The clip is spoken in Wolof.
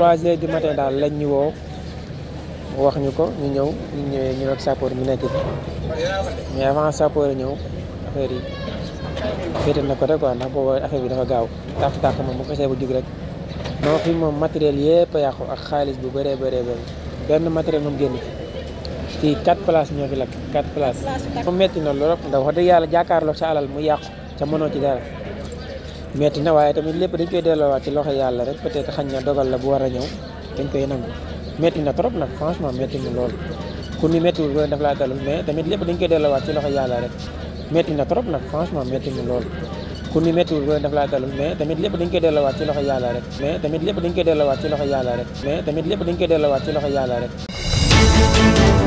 3 heures du matin daal lañ ñu woo wax ñu ko ñu ñëw ñu ñëwee ñu ak sapeur mi nekk mais avant sapeur ñëw affaire yi féete na ko rek quoi ndax boobu affaire bi dafa gaaw tàq tàq moom bu xasee bu jug rek non fi moom matériel yépp yàqu ak xaalis bu bëree bëree bëri benn matériel moom génn ci fii quatre places ñoo fi lakk places. mu metti na lool ndax wax dëgg yàlla jàkkaarloo sa alal mu yàqu ca ci dara metti na waaye tamit lépp dañ koy delloowaat ci loxo yàlla rek peut-être na dogal la bu war a ñëw dañ koy nangu metti na trop nag franchement metti na lool ku ni méttiwul loolu daf laa dalul mais tamit lépp dañ koy delloowaat ci loxo yàlla rek metti na trop nag franchement metti na lool ku ni méttiwul loolu daf laa dalul mais tamit lépp dañ koy delloowaat ci loxo yàlla rek mais tamit lépp dañ koy delloowaat ci loxo yàlla rek lépp dañ koy delloowaat ci loxo yàlla rek